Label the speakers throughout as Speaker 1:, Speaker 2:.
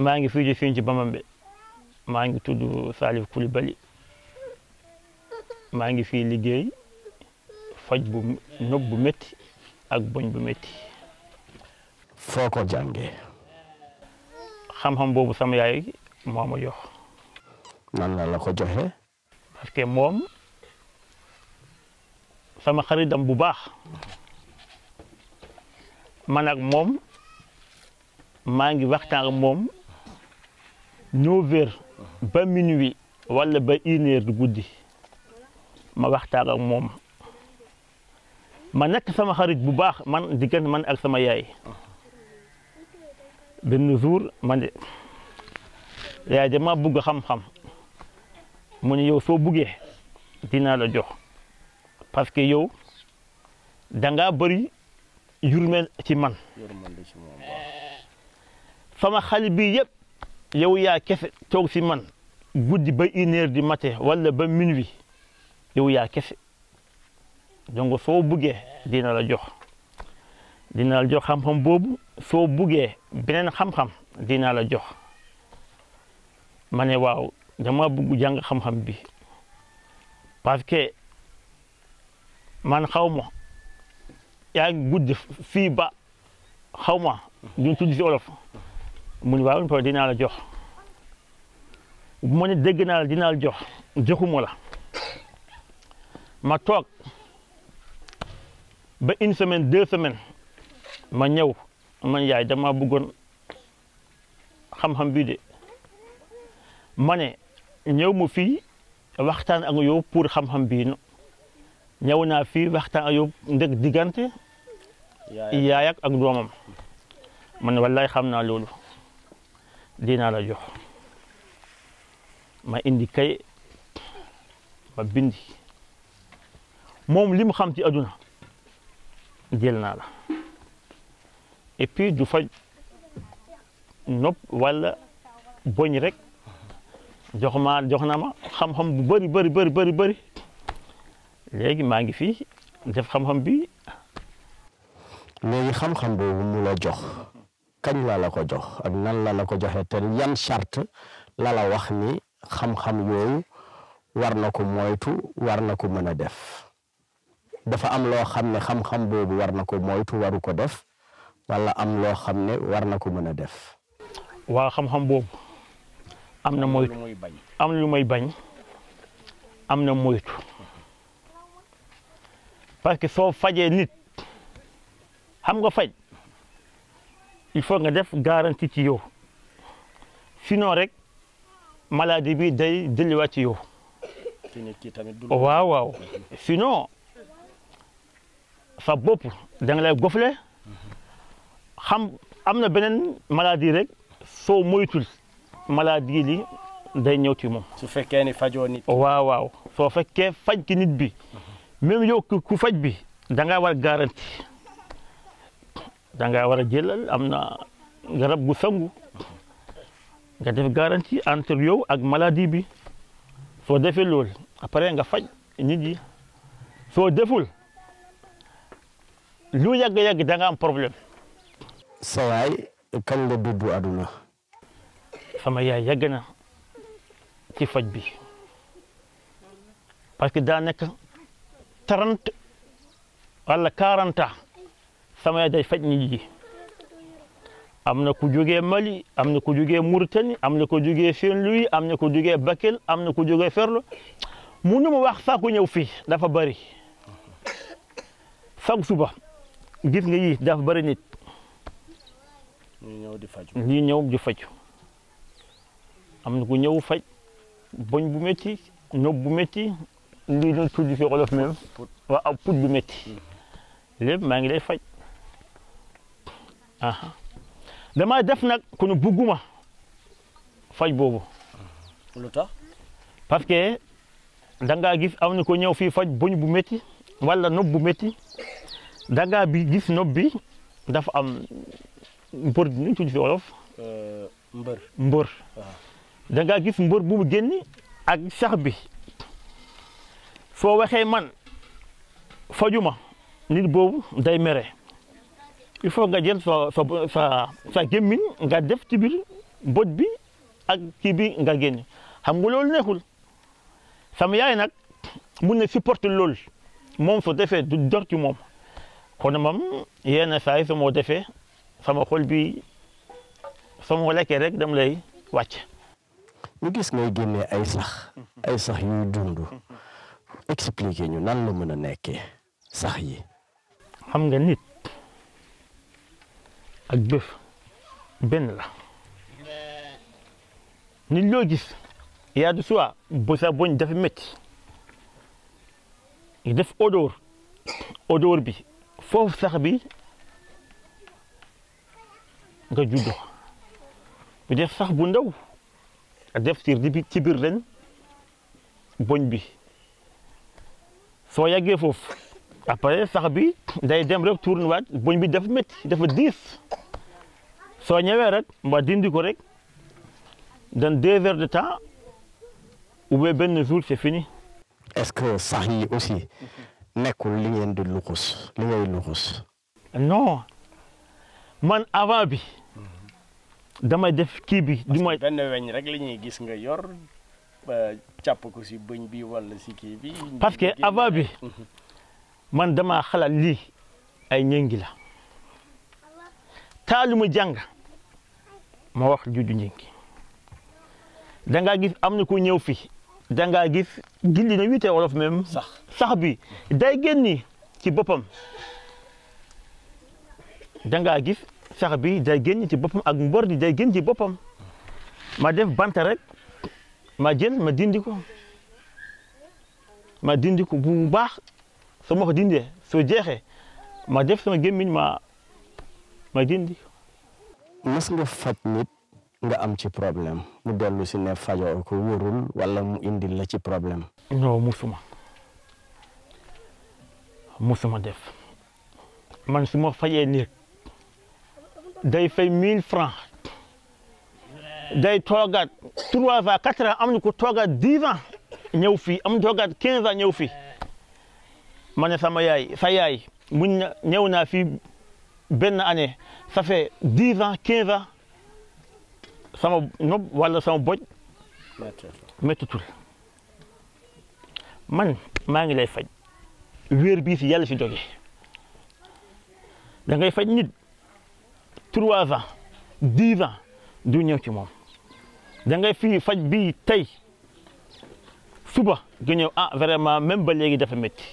Speaker 1: maa ngi fii di fiñ ci Bamambé maa ngi tudd Salif Coulibaly maa ngi fii liggéey faj bu nopp bu métti ak boñ bu metti foo ko jàngee xam-xam boobu sama yaay moo ma jox
Speaker 2: nan la la ko joxe
Speaker 1: parce moom sama xaritam bu baax manak moom maa ngi waxtaan ak moom 9 heures ba minuit wala ba une heure du guddi ma waxtaan ak moom ma nekk sama xarit bu baax man diggante man ak sama yaay benn jour ma ne yaay dama bugg xam-xam mu ne yow soo buggee dinaa la jox parce que yow dangaa bëri yurmel ci man sama xale bi yëpp yow yaa kese toog si man guddi ba une heure du matin wala ba minuit yow yaa kese donc soo buggee dina la jox dina la jox xam-xam boobu soo buggee beneen xam-xam dina la jox ma ne waaw dama bugg jàng xam-xam bi parce que man xaw ma yaa guddi fii ba xaw ma duñ tudd si olof mu ne waaw pare dinaa la jox bu ma ne dégg naa la jox joxuma la ma toog ba une semaine deux semaines ma ñëw man yaay dama bëggoon xam-xam bii de ma ne ñëw ma fii waxtaan ak yow pour xam-xam bii no ñëw naa fii waxtaan ak yow ndeg diggante yaay ak ak doomam man wallaay xam naa loolu dinaa la jox ma indi kay ma bindi moom li xam ci àdduna jël naa la et puis du faj nopp walla boñ rek jox ma jox na ma xam-xam bu bëri bëri bëri bëri bëri léegi maa ngi fii def xam-xam bi
Speaker 2: léegi xam-xam boobu mu la jox kañ la la ko jox ak nan la la ko joxe ten yan charte lala wax ni xam-xam yooyu war na ko moytu war na ko mën a def dafa am loo xam ne xam-xam boobu war na ko moytu waru ko def walla am loo xam ne war na ko mën a def.
Speaker 1: waa xam-xam boobu am na moytu am lu may bañ am na moytu parce que soo nit xam nga faj. il faut nga def garantie ci yow sinon rek maladie bi day delluwaat ci yow.
Speaker 2: waaw waaw sinon
Speaker 1: sa bopp da nga gofle xam am na beneen maladie rek soo moytul maladie li day ñëw ci moom. su fekkee ni fajoo nit. waaw waaw soo fekkee faj ki nit bi même yow ku faj bi danga nga war garantie. da ngaa war a jëlal am na garab gu sangu nga def garantie entre ak maladie bi soo defee loolu après nga faj nit yi soo deful lu yàgg-yàgg danga am problème.
Speaker 2: sawaay kan la duddu aduna.
Speaker 1: sama yaay yàgg na ci faj bi parce que daa nekk trente wala quarante sama yaay faj nit yi am na ku jógee Mali am na ku jógee Murtani am na ku jógee saint am na ku jógee Bakel am na ku jógee Ferlo munu ma wax sax ku ñëw fii dafa bëri sax suba gis nga yii dafa bëri nit.
Speaker 2: ñuy ñëw di faju
Speaker 1: ñuy ñëw di faju am na ku ñëw faj boñ bu metti nopp bu métti lii ñu tudd si wolof même waaw put bu métti mm-hmm. faj. damaa def nag kon bugguma faj boobu. lu tax parce que da ngaa gis am na ko ñëw fii faj boñ bu metti walla nopp bu métti da bi gis nopp bi dafa am mbër nu ñu tudd fi wolof.
Speaker 2: Euh, mbër
Speaker 1: mbër. Ah. gis mbër bu mu génn ak sax bi soo waxee man fajuma nit boobu day mere. il faut nga jël sa sa sa sa gémmiñ nga def ci biir bot bi ak kii bi nga génn xam nga loolu neexul sam yaay nag mun na supporter lool moom su defee du dor ci moom kon moom yenn saa yi su moo defee sama xol bi sama lekkee rek dam lay wàcc.
Speaker 2: ñu gis ngay génnee ay sax ay sax yuy dund expliquer ñu nan la mën a nekkee sax yi. xam nga nit. ak bëf benn la
Speaker 1: nit loo gis yaa du soit bosa boñ dafa métti def odoor odoor bi foofu sax bi nga juddo bu def sax bu ndaw def siir di ci biir ren boñ bi soo yàggee foofu après sax bi day dem rek tourne waat boñ bi dafa métti dafa diis soo ñëwee rek mba dindi ko rek dans deux heures de temps ou bien benn jour c'est
Speaker 2: fini. est-ce que sax yi aussi nekkul li ngeen di luxus li ngay luxus. non
Speaker 1: man avant bi damay
Speaker 2: def kii bi. du ma benn weñ rek li ñuy gis nga yor càpp ko si bëñ bi wala si kii bi. parce que avant bi
Speaker 1: man dama xalaat lii ay ñëngi la taalu ma jàng. ma wax juju njinki da ngaa gis am na ku ñëw fi da ngaa gis gilli na wite wolof même sax sax bi day génni ci boppam da ngaa gis sax bi day génn ci boppam ak mbor di day génn ci boppam ma def banta rek ma jël ma dindi ko ma dindi ko bu baax so ma ko dindee soo jeexee
Speaker 2: ma def sama gémmiñ ma ma dindi mas nga faj nit nga am ci problème mu dellu si ne fajoo ko wóorul wala mu indil la ci problème.
Speaker 1: non musuma suma def man suma ma fajee nit day fay mille francs day toogaat trois ans quatre am na ko toogaat dix ans ñëw fii am toogaat quinze ans ñëw fii ma sama yaay sa yaay muñ ñëw naa fii. ben année ça fait 10 ans 15 ans sama wala sama boj man tout lay wër bi yalla fi da ngay nit trois ans 10 ans du ñëw ci mom da ngay suba nga ah vraiment même ba légui dafa metti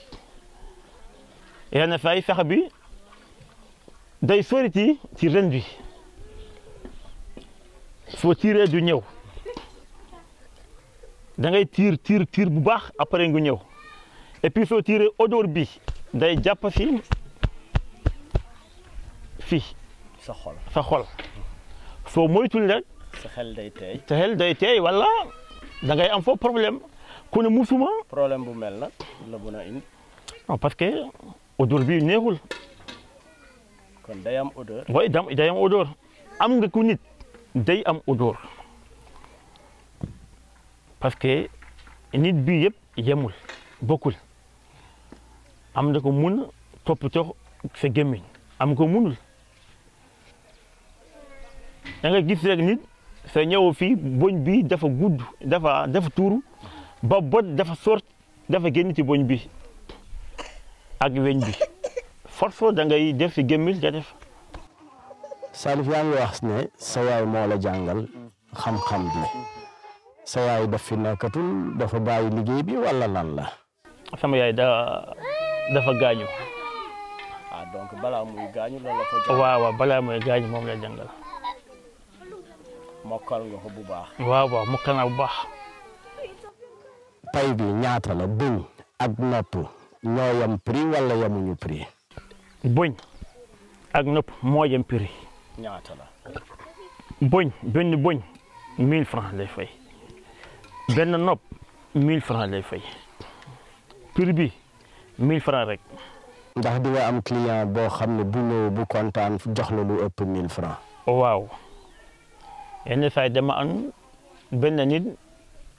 Speaker 1: day soriti ci ren bi faut du ñew da ngay tir tir bu après et puis faut tirer odeur bi day jàpp Il fi sa xol sa xol moytul
Speaker 2: rek sa xel day tay
Speaker 1: sa xel wala da ngay
Speaker 2: am problème ku ne musuma problème bu
Speaker 1: parce que odeur bi
Speaker 2: kon day am odeur. oui day am
Speaker 1: odeur am nga ku nit day am odeur parce que nit bi yëpp yemul bokkul am na ko mun toppatoo sa gémmiñ am ko munul da gis rek nit sa ñëw fii boñ bi dafa gudd dafa dafa tuuru ba dafa sort dafa génn ci boñ bi ak weñ forfo da ngay def fi gemil ja def
Speaker 2: salif yaa wax ne sa way mo la jangal xam-xam bi sa way daf fi nekkatul dafa bàyyi liggéey bi wala lan la
Speaker 1: sama yaay da dafa gañu
Speaker 2: ah donc bala muy gañu loolu la ko jàngal waaw waaw
Speaker 1: bala muy gañu mom la jangal
Speaker 2: mokal nga ko bu baax
Speaker 1: waaw waaw mokkal naa bu baax
Speaker 2: pay bi ñaata la bëñ ak nopp ñoyam yam prix wala yamuñu prix
Speaker 1: boñ ak nëpp moo yem prix ñaata la boñ benn boñ mille francs lay fay benn nopp mille francs lay
Speaker 2: fay prix bi mille francs rek ndax di nga am client boo xam ne bu ñëw bu kontaan jox la lu ëpp mille francs waaw
Speaker 1: yenn saa yi dama am benn nit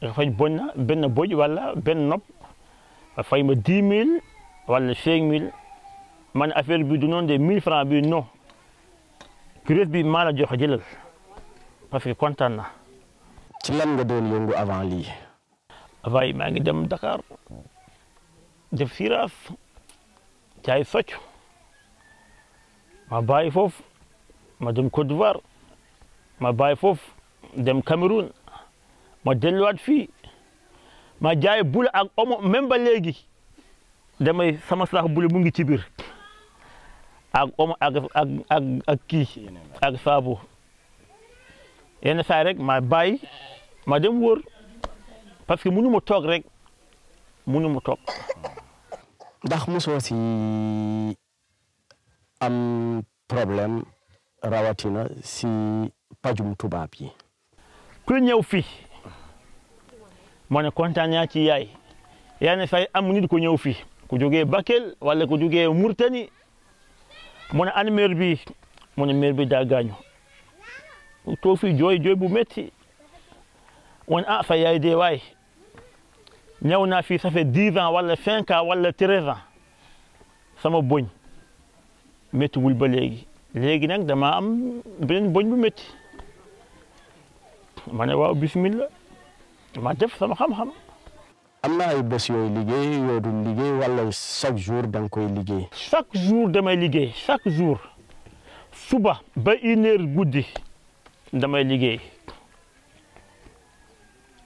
Speaker 1: nga fay boñ benn boj wala benn ma dix mille wala cinq mille man affaire bi du noonu de 1000 francs bi non kuréel bi mala la jox jëlal parce que kontaan na.
Speaker 2: ci lan nga doon yëngu avant lii. avant yi maa ngi dem
Speaker 1: Dakar def siraas jaay socc ma bàyyi foofu ma dem Côte d'Ivoire ma bàyyi foofu dem Cameroun ma delluwaat fii ma jaay bul ak omo même ba léegi damay sama saako bul mu ngi ci biir. ak omo ak ak ak ak kii ak saabu yenn saa ma bàyyi ma dem wóor parce que munu ma toog rek
Speaker 2: munu ma toog. ndax mosoo si am problème rawatina si pajum tubaab yi.
Speaker 1: ku ñëw fii ma ne kontaan ci yaay yenn saa am nit ku ñëw fii ku jógee Bakel wala ku jógee Murtani. mu ne an mère bi mu ne mère bi daa gaañu too fi jooy jooy bu métti won ah sa yaay dee waay ñëw naa fii ça fait dix ans wala cinq ans wala treize sama boñ wul ba léegi léegi nag damaa am beneen boñ bu métti ma ne waaw bismillah ma def sama xam-xam am na
Speaker 2: ay bés yooyu liggéey yoo dul liggéey wala chaque jour da koy liggéey.
Speaker 1: chaque jour damay liggéey chaque jour suba ba une heure guddi damay liggéey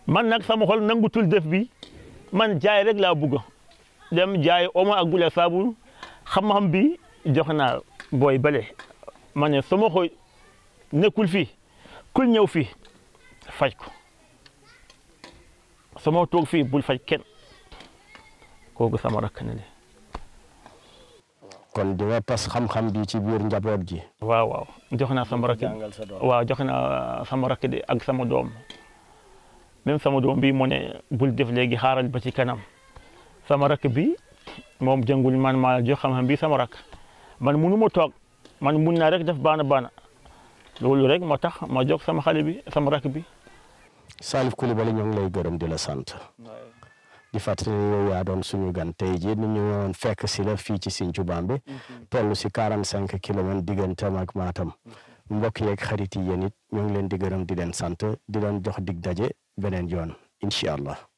Speaker 1: man nag sama xol nangutul def bi man jaay rek laa bëgg dem jaay omo ak gula saabu xam-xam bi jox naa boy bale ma ne nekkul fii kul ñëw fii faj ko. sama toog fii bul faj kenn
Speaker 2: kooku sama rakk ne kon di nga tas xam-xam bi ci biir njaboot ji
Speaker 1: waaw waaw jox naa sama rakk waaw jox naa sama rakk ak sama doom même sama doom bi mu ne bul def léegi xaaral ba ci kanam sama rakk bi moom jëngul man maa jox xam bi sama rakk man munu ma toog man mun naa rek def baana baana loolu rek moo tax ma jox sama xale
Speaker 2: bi sama rakk bi. Salif Coulibaly ñoo ngi lay gërëm di la sant. di fàttali ne yaa doon suñu gantey tey ni ñu fekk si la fii ci Sinthiou Bambey mhm. toll si quarante cinq kilomètres digganteem ak Matam mhm. mbokk yeeg xarit yi yéen ñoo ngi leen di gërëm di leen sant di leen jox dig daje beneen yoon incha allah.